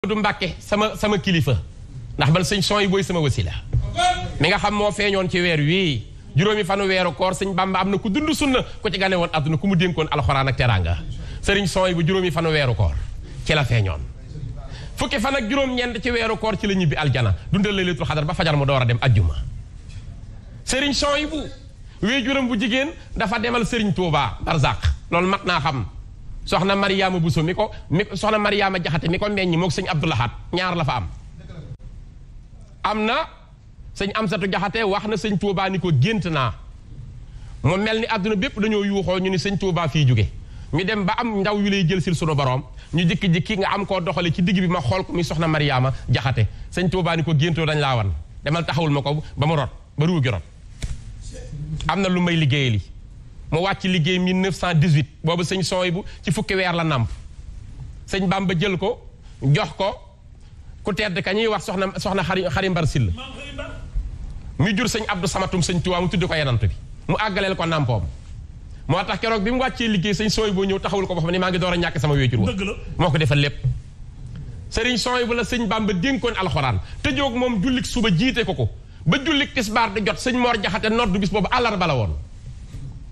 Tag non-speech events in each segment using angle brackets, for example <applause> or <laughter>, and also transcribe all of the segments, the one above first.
du Mbàkke sama sama kilifa ndax bal sëñ son yi booy sama wasila mi nga xam moo feeñoon ci weer wii juróomi fanu weeru koor sëñ Bamba am na ku dund sunna ku ci gane woon àdduna ku mu dénkoon alxuraan ak teraanga sëriñ son yi bu juróomi fanu weeru koor ci la feeñoon fukki fan ak juróom-ñeent ci weeru koor ci la ñibbi aljana dundal laylatul xadar ba fajar mu door a dem ajjuma sëriñ son yi bu wéy juróom bu jigéen dafa demal sëriñ Touba barzaq loolu mat naa xam soxna Mariama Bousso mi ko mi soxna Mariama Jaxate mi ko meññ moog sëñ Abdou Lahad ñaar la fa am am na sëñ Amsatu Jaxate wax na sëñ Tuubaa ni ko gént naa moo mel ni àdduna bépp dañoo yuuxoo ñu ni sëñ Tuubaa fii jóge ñu dem ba am ndaw yu lay jël si sunu borom ñu jikki-jikki nga am koo doxale ci digg bi ma xool ko mi soxna Mariama Jaxate sëñ Tuubaa ni ko géntoo dañ laa wan demal taxawul ma ko ba mu rot ba ruu gi am na lu may liggéeyali mu wàcc liggéey 1918 boobu sëñ sooy bu ci fukki weer la nàmp sëñ Bamba jël ko jox ko ku tedd ka ñuy wax soxna soxna xari xari mbar sill mu jur sëñ Abdou Samatum sëñ Tuubaa mu tudd ko yenant bi mu àggaleel ko nàmpoom moo tax keroog bi mu wàccee liggéey sëñ sooy boo ñëw taxawul ko ba xam ne maa ngi door a ñàkk sama wéejur wa moo ko defal lépp sëriñ sooy bu la sëñ Bamba dénkoon alxuraan te joog moom jullik suba jiite ko ko ba jullik tisbaar di jot sëñ Mor Jaxate noddu bis boobu àllarba la woon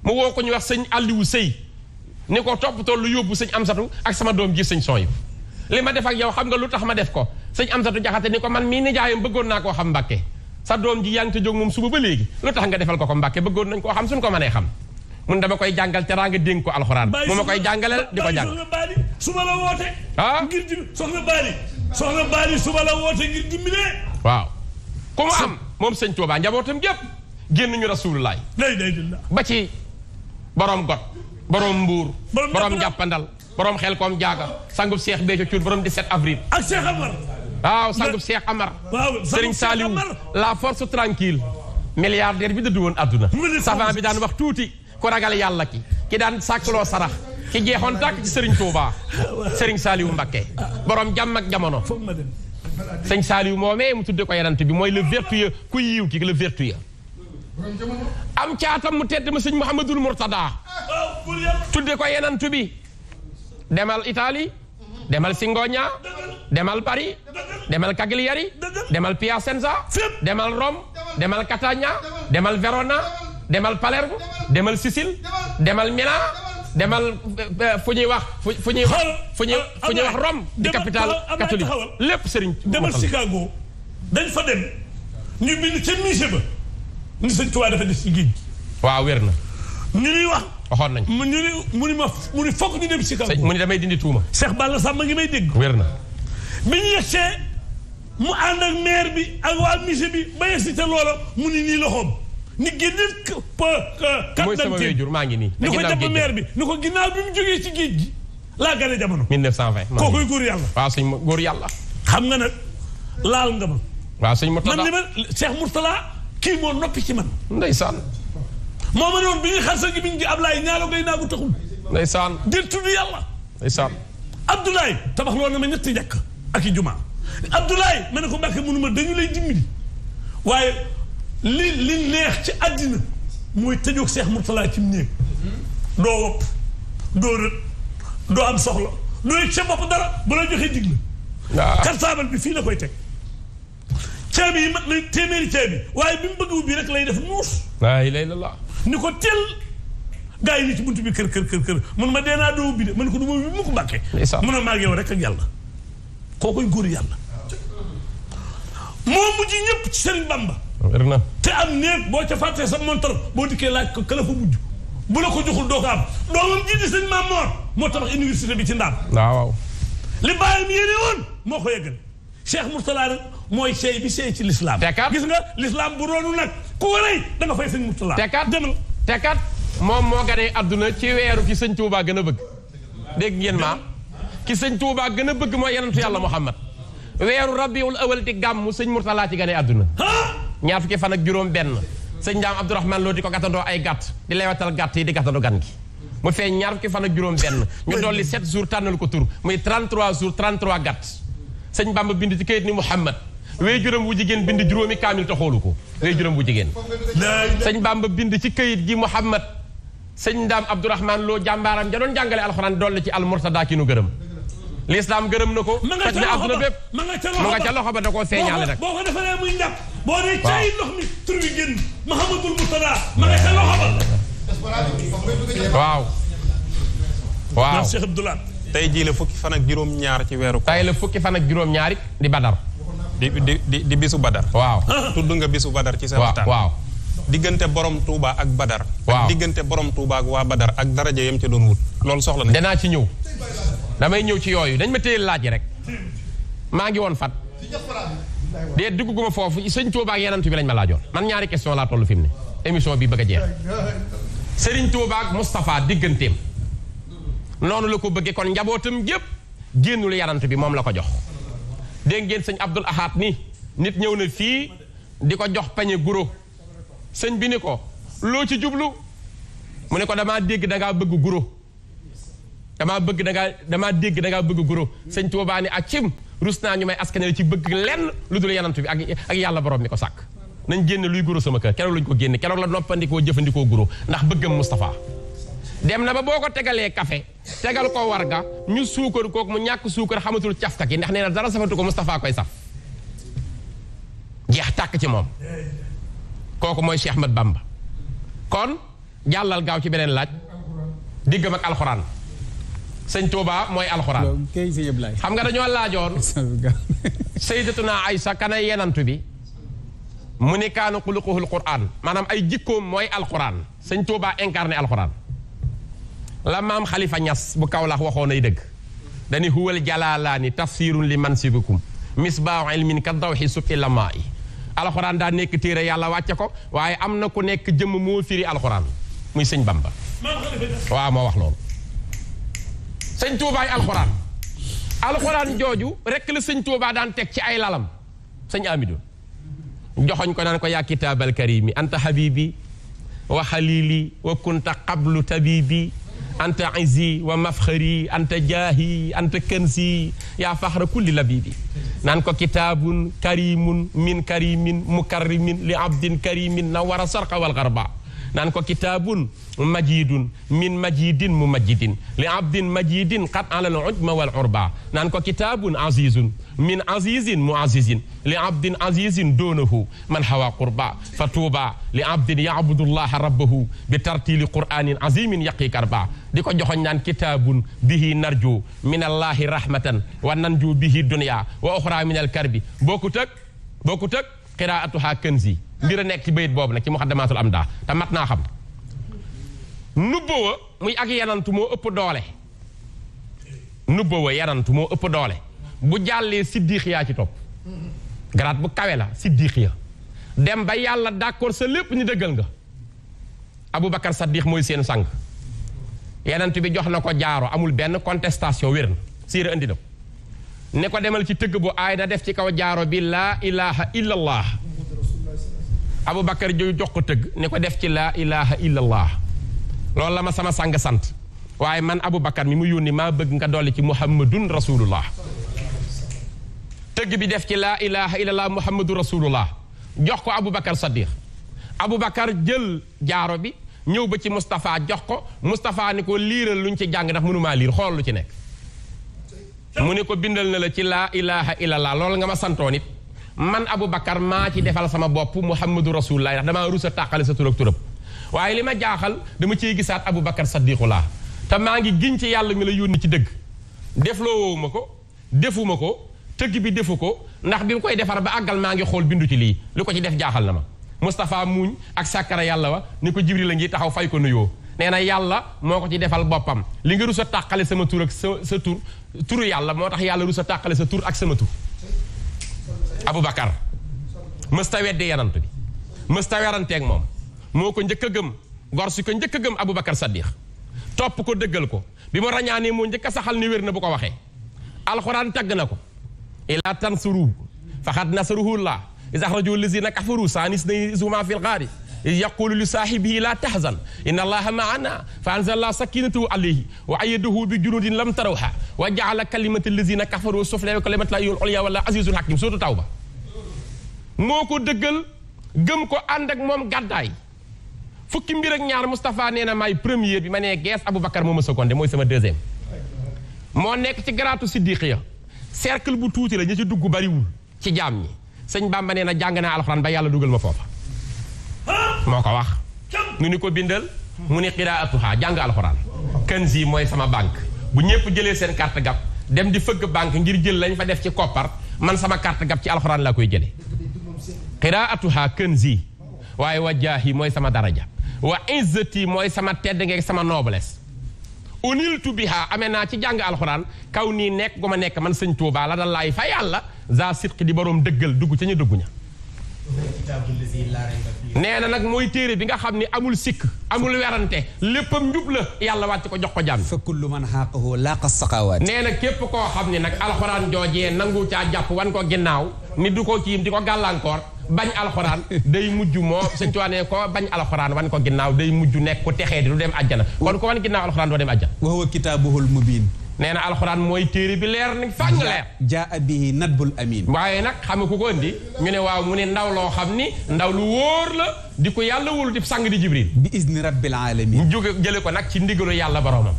mu woo ko ñu wax sëñ Aliou Sëy ni ko toppatoo lu yóbbu sëñ Amsatu ak sama doom ji sëñ Sooy li ma def ak yow xam nga lu tax ma def ko sëñ Amsatu Jaxate ni ko man mii nijaayam bëggoon naa koo xam Mbàkke sa doom ji yaa ngi moom suba ba léegi lu tax nga defal ko ko Mbàkke bëggoon nañ koo xam suñ ko mënee xam mun dama koy jàngal teraanga dénk ko alxuraan mu ma koy jàngaleel di ko jàng suba la woote ah ngir di soxna Baali soxna Baali suba la woote ngir dimbalee waaw ku am moom sëñ Tuubaa njabootam gépp génn ñu Rasulullaay ba ci borom got borom mbuur borom jàppandal borom xel koom jaaga sangub seex Béthio Thioune borom 17 avril ak Cheikh Amar waaw sangub Cheikh Amar Serigne Saliou la force tranquille milliardaire bi dëddu woon àdduna savant bi daan wax tuuti ku ragal yàlla ki ki daan sàkkloo sarax ki jeexoon tàkk ci Serigne Touba Serigne Saliou Mbacké borom jàmm ak jamono sëñ Saliou moomee mu tudde ko yarante bi mooy le vertueux ku yiw ki le am atam mu tedd ma seigne mohammedul murtada tudde ko yenen tubi demal italy demal singonia demal Paris demal Cagliari demal Piacenza demal Rom, demal Catania demal Verona demal Palermo demal Sicile demal Milan demal eh, fuñuy wax fuñuy wax wax Rome di capital catholique lepp sëriñ demal Chicago dañ fa dem ñu bind ci musée ba ni sëñ Tuubaa dafa def ci géej gi. na. ni ñuy wax. waxoon nañ mu ni mu ni ma mu ni fokk ñu dem si ka mu ni damay dindi tuuma. Cheikh Balla Samba ngi may dégg. wér na. bi ñu se mu ànd ak maire bi ak waa musée bi ba si te loola mu ni nii loxoom ni génne ka. mooy sama wéjur maa ngi nii. ni ko jàpp maire bi ni ko ginnaaw bi mu jógee ci géej gi. laa gën a jamono. 1920 kookoy góor yàlla. waaw sëñ ma góor yàlla. xam nga nag laal nga kii moo noppi ci man. ndeysaan. moo ma ne woon bi ñuy xar sa ji bi ñu ji Ablaye ñaaroo gay naagu taxul. ndeysaan. di tudd yàlla. ndeysaan. Abdoulaye tabax loolu na ma ñetti njëkk ak i juma. Abdoulaye ma ne ko Mbàkke mënuma dañu lay dimbali waaye li li neex ci àddina mooy tëjoog Seex Murtala ci mu néeg doo wopp doo rët doo am soxla doo yëg sa bopp dara bu la joxee digla. waaw kartaabal bi fii la koy teg. caabi yi mat na téeméeri waaye bi mu rek lay def muus. waaw ilay la ni ko tel gars yi ni ci buntu bi kër kër kër kër mun ma dee naa de man ko du ma ubbi mu ko bàkkee. mun a maag yow rek ak yàlla kookoy góor yàlla. moo mujj ñëpp ci Serigne Bamba. te am néeg boo ca fàttee sa montar boo dikkee laaj ko kala fa mujj bu la ko joxul doo ko am doomam ji di Maam Moor moo tabax université bi ci ndaam. waaw. li bàyyam yéene woon moo ko yeggal Cheikh Mourtala moy sey bi sey ci lislaam gis nga l'islam bu roonu nak ku waree da nga fay seigne moustapha tekat demal tekat mom mo gane aduna ci wéru ki seigne Touba gëna bëgg dégg ngeen ma ki seigne Touba gëna bëgg moy yaronte yalla Muhammad wéru rabiul awal di gam seigne moustapha ci gane aduna ñaar fukki fan ak juroom ben seigne Daam abdourahman Lo di ko gatando ay gat di lewatal gat yi di gatando gan gi mu fe ñaar fukki fan ak juroom ben ñu dolli 7 jours tanal ko tur muy 33 jours 33 gat seigne Bamba bind ci kayit ni Muhammad wéy juróom bu jigen bind juromi kamil te xoolu bu jigen señ Bamba bind ci gi Muhammad señ ndam Abdourahman lo jambaram ja jangale alquran dol ci almurtada ki nu gërëm lislaam gërëm na ko ma nga ca loxo ba ma nga ca loxo ba muy mi Muhammadul Murtada ma nga ca loxo ba waaw waaw Cheikh Abdoulaye tey jii la fukki fan ak juróom ñaar ci fukki fan ak di badar di bisu Badar. waaw tudd nga bisu Badar ci sa waxtaan. waaw diggante borom Touba ak Badar. waaw ak borom Touba ak wa Badar ak daraja yam ci doon wut. loolu soxla nañ dana ci ñew damay ñew ci yoyu dañ ma téye laaj rek. ma ngi won fat dee dugguma fofu sëñ Touba ak tu bi lañ ma laajoon man ñaari question la tollu fi mu ne émission bi bëgg jeex sëriñ Touba ak Moustapha digganteem nonu la ko bëggee kon njabootam gépp génnul yarantu bi mom la ko jox dégg ngeen sëñ Abdul Ahad ni nit ñëw na fii di ko jox pañe guro sëñ bi ni ko loo ci jublu mu ne ko damaa dégg dangaa bëgg guro damaa bëgg dangaa damaa dégg dangaa bëgg guro sëñ Tuubaa ni ak ah, cim rus naa ñu may askanale ci bëgg lenn lu dul yanant bi ak ak yàlla borom ni ko sàkk nañ génne luy guro sama kër keroog lañ ko génne keroog la noppandikoo jëfandikoo guro ndax bëggam Moustapha dem na ba boko tegalé café tegal ko warga ñu suukar ko mu ñak suukar xamatul cafka ki ndax neena dara safatu ko mustafa koy saf jeex tak ci mom koku moy Cheikh Ahmad Bamba kon jallal gaaw ci benen laaj diggam ak alxuraan sëñ Touba moy alxuraan xam nga dañu laajoon <laughs> sayyidatuna aisha kana yenantu bi mu ni kaanu xuluquhul quraan ay jikko moy alxuraan sëñ Touba incarné alxuraan la maam xalifa ñas bu kawlax waxoon ay dëgg dani huwal jalaalaani tafsirun li mansibikum misbaahu ilmin ka dawxi sub i lamaa daa nekk téere yàlla wàcce ko waaye am na ku nekk jëmm moo firi alxuraan muy sëñ bamba waaw moo wax loolu sëñ tuubaay alxuraan alxuraan jooju rek la sëñ tuubaa daan teg ci ay lalam sëñ amidu joxoñ ko naan ko yaa kitaabal karimi anta habibi wa xalili wa kunta qablu tabibi أنت عزي ومفخري أنت جاهي أنت كنزي يا فخر كل لبيبي نانكو كتاب كريم من كريم مكرم لعبد كريم نور سرق والغرباء نانكو كتاب مجيد من مجيد ممجد لعبد مجيد قد على العجم والعربة نانكو كتاب عزيز من عزيز معزز لعبد عزيز دونه من هوى قربا فتوبا لعبد يعبد الله ربه بترتيل قرآن عظيم يقي كربا ديكو جوخون نان كتاب به نرجو من الله رحمة وننجو به الدنيا وأخرى من الكرب بوكو تك بوكو تك qiraatu ha kanzi mbir a nekk ci bayit bobu nak ci muxaddamatul amda ta mat na xam nubbawa muy ak yanantu mo upp doole nubbawa yanantu mo upp doole bu jalle siddiq ya ci top grat bu kawela siddiq ya dem ba yalla d'accord sa lepp ni deugal nga aboubacar siddiq moy sen sang yanantu bi jox na jaaro amul ben contestation wern sire andina ne ko demal ci teug bu aay na def ci kaw jaaro bi laa ilaha illallah bakkar joy jox ko teug ne ko def ci la ilaha illallah lol la ma sama sang sant waye man bakkar mi mu yoni ma beug nga doli ci muhammadun rasulullah teug bi def ci la ilaha illallah muhammadur rasulullah jox ko sadiq abou bakkar jël jaaro bi ñew ba ci Mustafa jox ko mustafa ni ko liiral luñ ci jàng ndax mënumaa lire xol lu ci nek mu ne ko bindal na la ci laa ilaha illallah loolu nga ma santoo it man Aboubacar maa ci defal sama bopp Muhammadu Rasulullah ndax damaa rus a tàqale sa tur ak turab waaye li ma jaaxal dama ciy gisaat Aboubacar laa te maa ngi giñ ci yàlla mi la yónni ci dëgg defloo ma ko defuma ko tëgg bi defu ko ndax bi mu koy defar ba àggal maa ngi xool bindu ci lii lu ko ci def jaaxal na ma Moustapha muuñ ak sàkkara yàlla wa ni ko Jibril la ngi taxaw fay ko nuyoo neena yalla moko ci defal bopam li nga rus takale sama tur ak sa tour touru turu motax yalla tax takale sa tur ak sama abou bakkar musta wedde yanant bi musta weranteeg ak mom moko njëkk a gor su ko njëkk a abou bakkar sadiq top ko deggal ko bima rañani mo moo saxal ni werna bu ko waxe alquran tag nako ila tansuru fa khad nasruhu llah izahrajul lazina kafaru izuma fil يقول لصاحبه لا تحزن إن الله معنا فأنزل الله سكينته عليه وأيده بجنود لم تروها وجعل كلمة الذين كفروا السفلى وكلمة الله العليا ولا عزيز حكيم سورة التوبة moo ko dëggal gëm ko ànd ak moom gàddaay fukki mbir ak ñaar Moustapha nee na maay première bi ma nee gees Aboubacar mooma secondé mooy sama deuxième moo nekk ci garaatu siddiqiya cercle bu tuuti la ñi ci dugg bariwul ci jaam ñi sëñ Bamba nee na jàng naa alxuraan ba yàlla dugal ma foofa moo ko wax nu ni ko bindal mu ni xiraatuha jàng alxuraan kanzi mooy sama banque bu ñëpp jëlee seen carte gab dem di fëgg banque ngir jël lañ fa def ci koppar man sama kart gab ci alxuraan laa koy jëlee xiraatuha kanzi waaye wa jaahi mooy sama daraja wa izzati mooy sama tedd ngeeg sama noblesse uniltu biha amee naa ci jàng alxuraan kaw nii nekk gu ma nekk man sëñ Tuubaa la dal laay fa yàlla za di boroom dëggal dugg ca ñu dugg ña nee na nag mooy téere bi nga xam ne amul sikk amul werante léppam njub la yàlla wàcc ko jox ko jàmm fa kullu man xaaqahu laaqa saqawaat nee na képp koo xam ne nag alxuraan joojee nangu caa jàpp wan ko ginnaaw ni du ko kiim di ko gàllankoor bañ alxuraan day mujj moo sëñ Tuubaa ne ko bañ alxuraan wan ko ginnaaw day mujj nekk texe texee di du dem àjjana kon ko wan ginnaaw alxuraan doo dem àjjana wa huwa kitaabuhul mubiin nee na alxuraan mooy téere bi leer ni fàññ leer jaa bihi nadbul amin waaye nag xam nga ku ko indi ñu ne waaw mu ne ndaw loo xam ni ndaw lu wóor la di ko yàlla wóolu di sang di jibril bi izni rabbil alamin ñu jóge jële ko nag ci ndigalu yàlla boroomam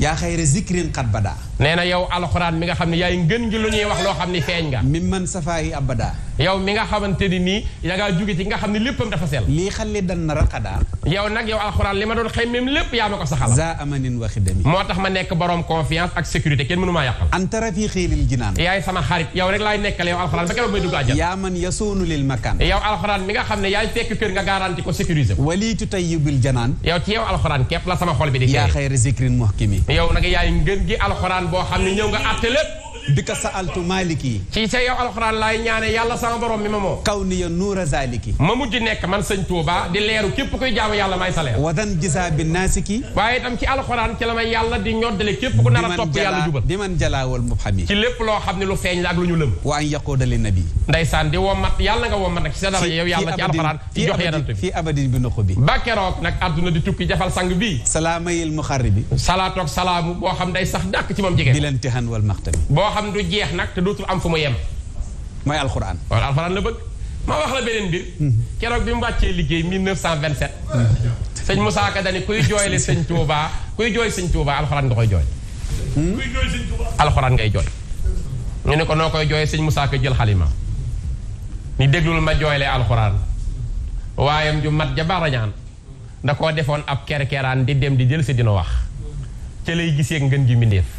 yaa xayra zikrin xat bada nee na yow alxuraan mi nga xam ne yaay ngën gi lu ñuy wax loo xam ni feeñ nga mi man safaayi abada yow mi nga xamanteni ni ya nga jugge ci nga xamni léppam dafa sel li xalle dan na raqada yow nak yow alquran lima ma doon xëy mem lépp ya mako saxal za amanin wa khidami motax ma nek borom confiance ak sécurité ken munuma yakal anta rafiqi lil jinan yaay sama xarit yow rek lay nekkal yow alquran ba keroog may dugga àjjana yaa man yasunu lil makan yow alquran mi nga xam yaay fekk keur nga garantie ko sécurisé waliitu tayyibil janan yow ci yow alquran kep la sama xol bi di ya xayra zikrin muhkimi yow nak yaay ngeen gi alquran bo xamni ñëw nga atte lépp bi ka sa altu maaliki ci sa yow alxuraan laay ñaane yàlla sama borom mi ma moo kaw ni ya nuura zaaliki ma mujj nekk man sëñ Tuuba di leeru képp koy jaamu yàlla may sa leer wadan gisaa bi naasiki waaye itam ci alxuraan ci la may yàlla di ñoddale képp ku nar a topp yàlla jubal di man jalaawal mubhami ci lépp loo xam ne lu feeñ la ak lu ñu lëm wa an yaquudali nabi ndeysaan di womat yàlla nga womat nag ci sa dara yow yàlla ci alxuraan ci jox yenant bi fii abadin bi ndoxu bi ba keroog nag àdduna di tukki jafal sang bi salaamayil muxarribi salaatoog salaamu boo xam day sax dàkk ci moom jigéen bilantihan wal maxtami xam du jeex nag te dootul am fu mu yem. mooy alxuraan. wala alxuraan la bëgg. ma wax la beneen mbir. Mhm. keroog bi mu wàccee liggéey 1927. sëñ Moussa Ka dani kuy jooyle sëñ Touba kuy jooy sëñ Touba alxuraan nga koy jooy. Hmm? ngay jooy. ñu ne ko noo koy jooyee sëñ Moussa Ka jël xalima ni déglul ma jooyle alxuraan. waayam ju mat jabaarañaan da koo defoon ab kerkeraan di dem di jël si dina wax. ca lay gisee ngën gi mbindéef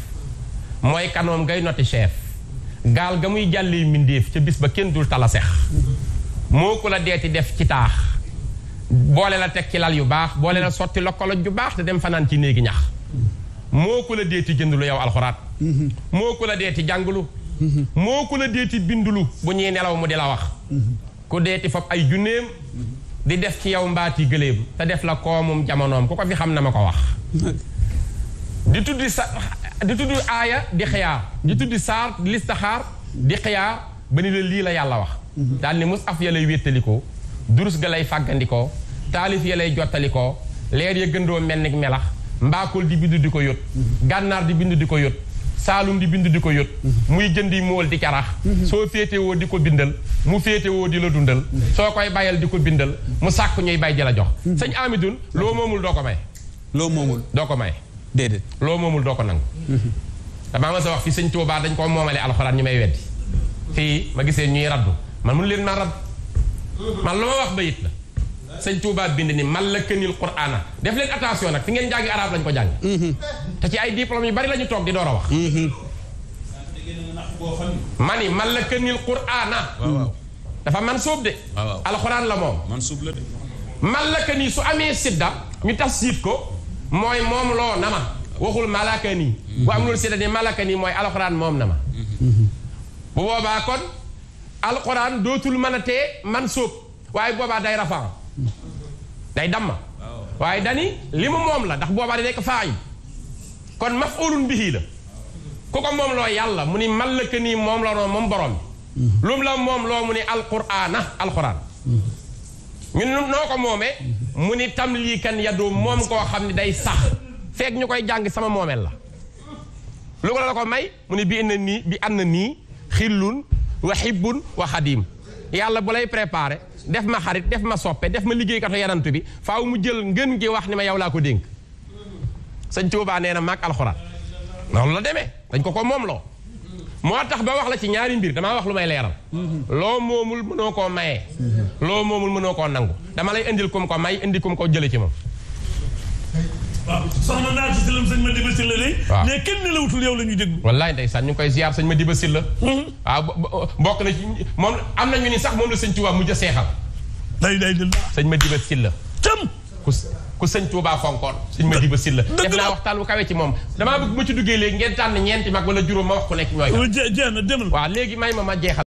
mooy kanoom ngay noti chef gaal ga muy jàllee mbindéef ca bis ba kenn dul tala sex moo ko la deeti def ci taax boole la teg ci lal yu baax boole la sotti lokkoloj ju baax te dem fanaan ci néegi ñax moo ko la deeti jëndulu yow alxuraat moo ko la deeti jàngulu moo ku la deeti bindulu bu ñuy nelaw mu di la wax ku deeti fab ay junneem di def ci yow mbaati gëléem te def la koomum jamonoom ku ko fi xam na ma ko wax di tuddi sa di tudd aya di xiyaar di tudd sar di listaxaar di xiyaar ba ni li la yalla wax dal ni mus ya lay weteliko durus ga lay fagandiko talif ya lay jotaliko leer ya gendo mel melax mbakul di bindu diko ko gannar di bindu diko yot salum di bindu diko yot muy jëndi mol di carax so fete wo diko bindal mu wo di la dundal so koy bayal diko bindel, bindal mu sakku ñuy bay jela jox sëñ amidoun lo momul doko may lo momul doko may déedéet loo moomul doo ko nangu damaa ma sa wax fi sëñ Tuubaa dañ ko moomale alxuraan ñu may weddi fii ma gisee ñuy raddu man mënu leen maa radd man lu ma wax bayit la sëñ Tuubaa bind ni man la kënil quraana def leen attention nag fi ngeen jàngi arab lañ ko jàng mhm. te ci ay diplôme yu bari la ñu toog di door a wax mhm. mani man la kënil quraana dafa man suub de alxuraan la moom man la këni su amee sidda ñu tax siit ko mooy moom loo na ma waxul malaaka nii bu am loolu seeta ni malaaka nii mooy alxuraan moom na ma bu boobaa kon alxuraan dootul mën a tee man sóob waaye boobaa day rafaa day dam ma waaye dani li mu moom la ndax boobaa di nekk faay kon maf'ulun bihi la ku ko moom loo yàlla mu ni mallaka nii moom la noonu moom borom lu mu la moom loo mu ni alxuraana alxuraan ñun noo ko moomee mu ni tam lii kan yadu moom koo xam ne day sax feeg ñu koy jàng sama moomeel la lu ko la ko may mu ni bi an na nii bi an na nii xillun wa xibbun wa xadiim yàlla bu lay préparé def ma xarit def ma soppe def ma liggéeykatu yanantu bi faaw mu jël ngën gi wax ni ma yow laa ko dénk sëñ Tuubaa nee na maag alxuraan noonu la demee dañ ko ko moom loo moo tax ba wax la ci ñaari mbir damaa wax lu may leeral. loo moomul mënoo koo maye. loo moomul mënoo koo nangu dama lay indil kum ko may indi kum ko jële ci moom. waaw soxna naa ci sëlëm sëñ Madiba de. waaw mais kenn la wutul yow la ñuy déglu. wallaay ndeysaan ñu ngi koy ziar sëñ Madiba Sylla. Hmm. waaw bokk na ci moom am nañu ni sax moom la sëñ Tuubaa mujj a seexal. day day dëgg. sëñ Madiba Sylla. cëm. ku sëñ Touba fonkoon sëñ Madiba Sylla def naa waxtaan bu kawe ci moom dama bëgg ma ci duggee léegi ngeen tànn ñeenti mag wala juróom ma wax ku nekk ñooy waaw léegi may ma ma jeexal